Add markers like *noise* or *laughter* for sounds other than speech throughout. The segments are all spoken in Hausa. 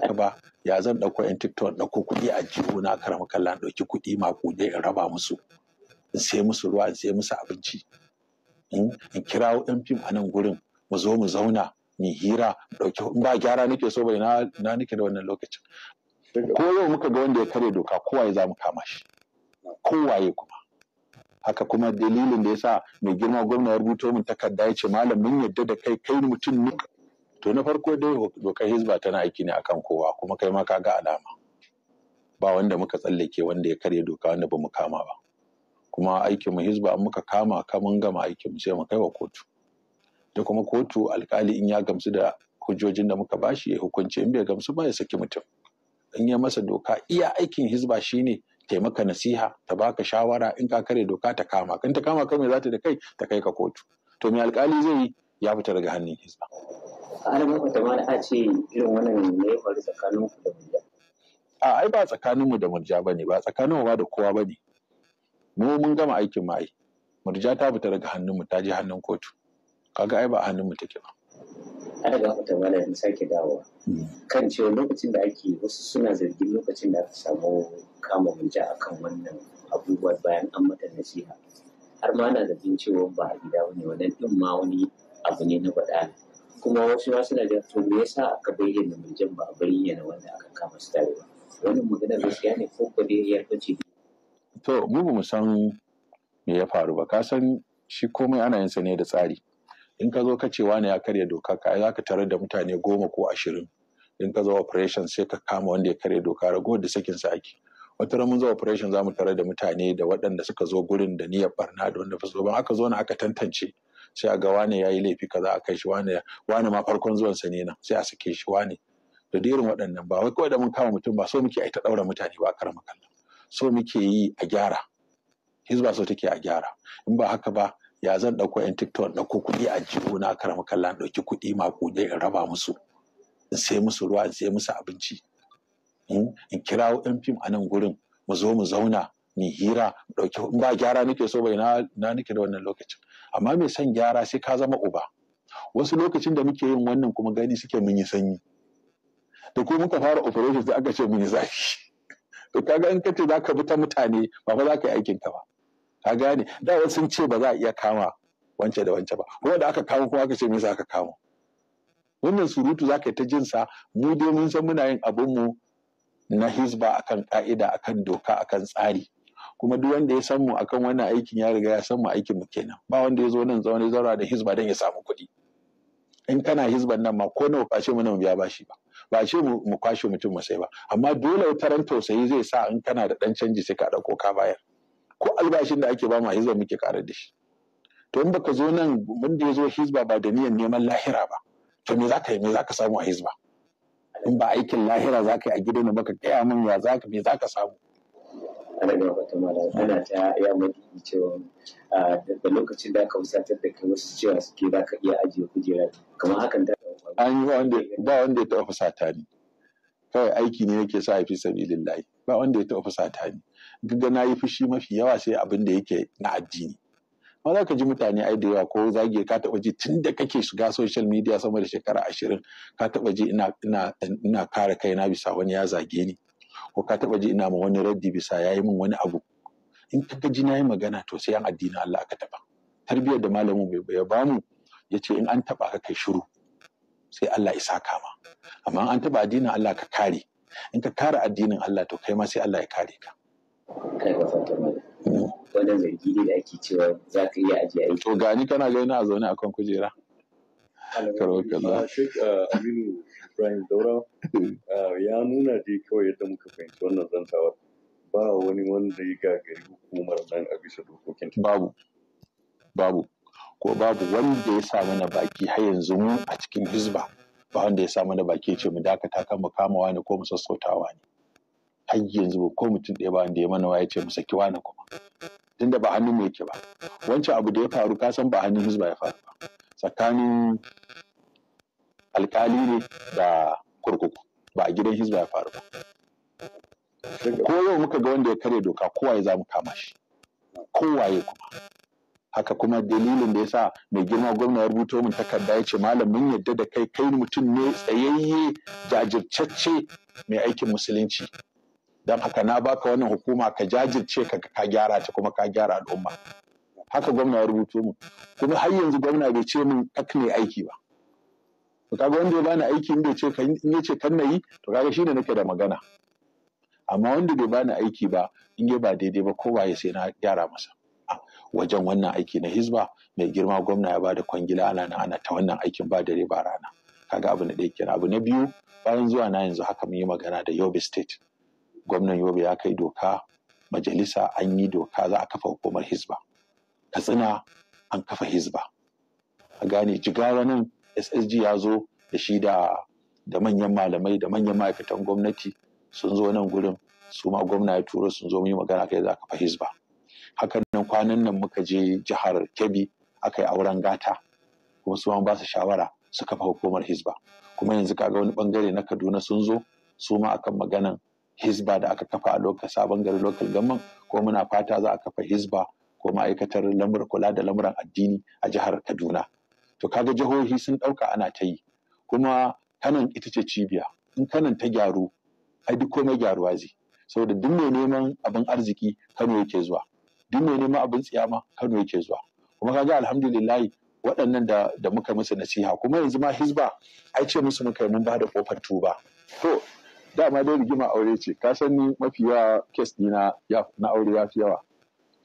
kuɗi ba ya zan ɗauko yan tiktok ɗauko kuɗi a jiho na karama kallon ɗauki kuɗi dai in raba musu in sai musu ruwa in sai musu abinci in kirawo yan fim a nan gurin mu zo mu zauna mu hira ɗauki in ba gyara nake so bai na nake da wannan lokacin ko yau muka ga wanda ya karya doka ya za mu kama shi kowaye kuma haka kuma dalilin da ya sa mai girma gwamna ya rubuto min takarda ya ce malam mun yadda da kai kai mutum ne to na farko dai dokar hizba tana aiki ne akan kowa kuma kai ma ka ga alama ba wanda muka tsallake wanda ya karya doka wanda ba mu kama ba kuma aikin mu hizba an muka kama ka mun gama aikin mu sai mu kai wa kotu da kuma kotu alkali in ya gamsu da hujjojin da muka bashi ya hukunci in bai gamsu ba ya saki mutum in ya masa doka iya aikin hizba shine taimaka nasiha ta baka shawara in ka karya doka ta kama kan ta kama kai mai zata da kai ta kai ka kotu to me alkali zai yi ya fita daga hannun hizba alamun kwata a ce irin wannan ne ya faru tsakanin ku da murja. A ai ba tsakanin mu da murja ba ne ba tsakanin mu ba da kowa ba ne. Mu mun gama aikin mu ai. Murja ta fita daga hannun mu ta je hannun kotu. Kaga ai ba a hannun mu take ba. A daga kwata ma da sake dawo. Hmm. Kan cewa lokacin da ake wasu suna zargin lokacin da aka samu kama murja akan wannan abubuwan bayan an mata nasiha. Har ma na zargin cewa ba a gida ba ne wannan ɗin ma wani abu ne na faɗa kuma wasu ma suna da to me yasa aka bayyana mijin ba a bayyana wanda aka kama su tare ba wannan maganar gaskiya ne ko ko dai ya bace to mu ba mu san me ya faru ba ka san shi komai ana yin sa ne da tsari in ka zo ka cewa ne ya karya doka ka za ka tarar da mutane goma ko ashirin in ka zo operation sai ka kama wanda ya karya doka ragowar da sakin sa ake wata ramin zuwa operation za mu tarar da mutane da waɗanda suka zo gurin da niyyar barna da wanda ba aka zo na aka tantance sai a ga wane ya yi laifi kaza a kai shi wane wane ma farkon zuwan sa ne nan sai a sake shi wane da dirin waɗannan ba wai kawai da mun kama mutum ba so muke a ta ɗaura mutane ba a karama kallon so muke yi a gyara hizba so take a gyara in ba haka ba ya zan ɗauko yan tiktok ko kuɗi a jiho na karama kallon ɗauki kuɗi dai in raba musu in sai musu ruwa in sai musu abinci hmm? in kirawo yan fim a nan gurin mu zo mu zauna ni hira dauki ba gyara nake so bai na nake da wannan lokacin amma mai son gyara sai ka zama uba wasu lokacin da muke yin wannan kuma gani suke mun yi sanyi da ko muka fara operation sai aka ce mun yi zafi *laughs* to kaga in kace zaka bi ta mutane ba fa zaka yi aikin ka ba ka gane da wasu sun ce ba za a iya kama wance da wance ba kuma da aka kama kuma aka ce me za ka kama wannan surutu za ka yi ta jin sa mu dai mun san muna yin abin mu na hizba akan ka'ida akan doka akan tsari kuma duk wanda ya san mu akan wannan aikin ya riga ya san mu aikin mu kenan ba wanda ya zo nan zaune zaura da hizba dan ya samu kuɗi in kana hizban nan ma ko nawa ba mu nan biya bashi ba ba ce mu kwashe mutum mu sai ba amma dole ran tausayi zai sa in kana da dan canji sai ka dauko ka bayar ko albashin da ake ba mu hizba muke karar da shi to in baka zo nan mun da ya zo hizba ba da niyan neman lahira ba to me zaka yi me zaka samu a hizba in ba aikin lahira zaka yi a gidan baka kaya min ya zaka me zaka samu ana ba ana ta ya madi cewa da lokacin da aka wusatar da kai wasu cewa suke za ka iya ajiye kujera kamar hakan ta an yi wanda ba wanda ya taɓa fusata ni kawai aiki ne yake sa fi sabilillahi ba wanda ya taɓa fusata ni duk da na yi fushi mafi yawa sai abin da yake na addini ma za ka ji mutane ai da yawa ko zage ka taɓa ji tun da kake shiga social media sama da shekara ashirin ka taɓa ji ina ina ina kare kaina bisa wani ya zage ni ko ka taɓa ji ina ma wani raddi bisa ya yi min wani abu in ka ji na yi magana to sai an addinin Allah aka taɓa tarbiyyar da malamin bai ya bamu ya ce in an taɓa ka kai shiru sai Allah isa kama amma an taɓa addinin Allah ka kare in ka kare addinin Allah to kai ma sai Allah ya kare ka kai ba fata hmm. wannan zargi ne da ake cewa za ka iya ajiye aiki to gani kana gani a zaune akan kujera karo kaza uh, uh, Aminu Ibrahim Daura *laughs* ah, ya nuna dai kawai yadda muka fahimci wannan zantawar ba wani wanda ya gagari hukumar nan a bisa dokokin babu babu ko babu wanda ya sa mana baki har yanzu mu a cikin hizba ba wanda ya sa mana baki ce mu dakata kan mu kamawa wani ko mu sassautawa ne har yanzu ba ko mutum ɗaya ba wanda ya mana waya ce mu saki wani kuma tunda ba hannun mu yake ba wancan abu da ya faru ka san ba hannun hizba ya faru ba tsakanin alkali ne da kurkuku ba a gidan hisba ya faru ba ko yau muka ga wanda ya karya doka kowaye za mu kama shi kowaye kuma haka kuma dalilin da ya sa mai girma gwamna ya rubuto min takarda ya ce malam mun yadda da kai kai mutum ne tsayayye jajirtacce mai aikin musulunci don haka na baka wannan hukuma ka jajirce ka ka gyara ta kuma ka gyara al'umma haka gwamna ya rubuto mu kuma har yanzu gwamna bai ce min kak ne aiki ba to kaga wanda ya bani aiki in ce in yace kan nayi to kaga shine nake da magana amma wanda bai bani aiki ba in ya ba daidai ba kowa ya sai na gyara masa wajen wannan aiki na hizba mai girma gwamna ya bada kwangila ana na ana ta wannan aikin ba dare ba rana kaga abu na ɗaya kenan abu na biyu bayan zuwa na yanzu haka mun yi magana da Yobe State gwamnan Yobe ya kai doka majalisa an yi doka za a kafa hukumar hizba katsina an kafa hizba a gane jigawa nan ssg ya zo da shi da manyan malamai da manyan ma'aikatan gwamnati sun zo nan gurin su ma gwamna ya turo sun zo mu yi magana kai za ka fa hizba hakan nan kwanan nan muka je jihar kebbi aka auren gata kuma su ma ba su shawara su kafa hukumar hizba kuma yanzu kaga wani bangare na kaduna sun zo su ma akan maganan hizba da aka kafa a lokacin sabon gari local government ko muna fata za a kafa hizba ko ma'aikatar lamur kula da lamuran addini a jihar kaduna to kaga jihohi sun ɗauka ana ta yi kuma kanan ita ce cibiya in kanan ta gyaru ai duk komai gyaruwa zai saboda duk mai neman abin arziki kano yake zuwa duk mai neman abin tsiyama kano yake zuwa kuma kaga alhamdulillahi waɗannan da, da muka musu nasiha kuma yanzu ma hizba ai ce musu muka mun ba da kofar tuba to dama dai rigima aure ce ka san ni mafi yawa kes ɗina na aure ya fi yawa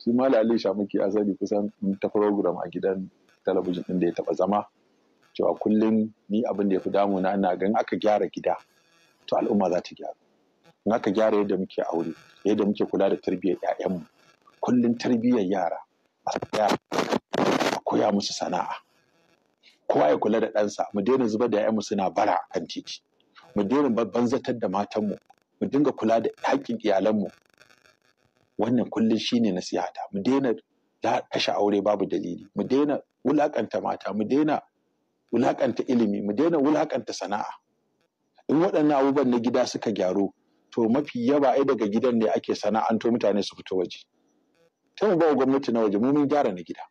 shi mala sha muke asali kusan ta program a gidan talabijin din da ya taba zama cewa kullum ni abin da ya fi na ina gan aka gyara gida to al'umma za ta gyara in aka gyara yadda muke aure yadda muke kula da tarbiyyar 'ya'yanmu kullum tarbiyyar yara a koya musu sana'a kowa ya kula da ɗansa mu daina zubar da 'ya'yanmu suna bara a kan titi mu daina banzatar da matanmu mu dinga kula da haƙƙin iyalanmu wannan kullum shine nasihata mu daina kashe aure babu dalili mu daina wulakanta mata mu daina wulakanta ilimi mu daina wulakanta sana'a in waɗannan abubuwan na gida suka gyaru to mafi yawa ai daga gidan ne ake sana'anto mutane su fito waje ta mu ba gwamnati na waje mu mun gyara na gida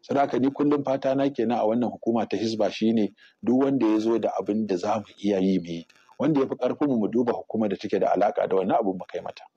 sadaka ni kullum fata na kenan a wannan hukuma ta hizba shine duk wanda ya zo da abin da za mu iya yi mu yi wanda ya fi ƙarfinmu mu duba hukumar da take da alaka da wannan abin mu kai mata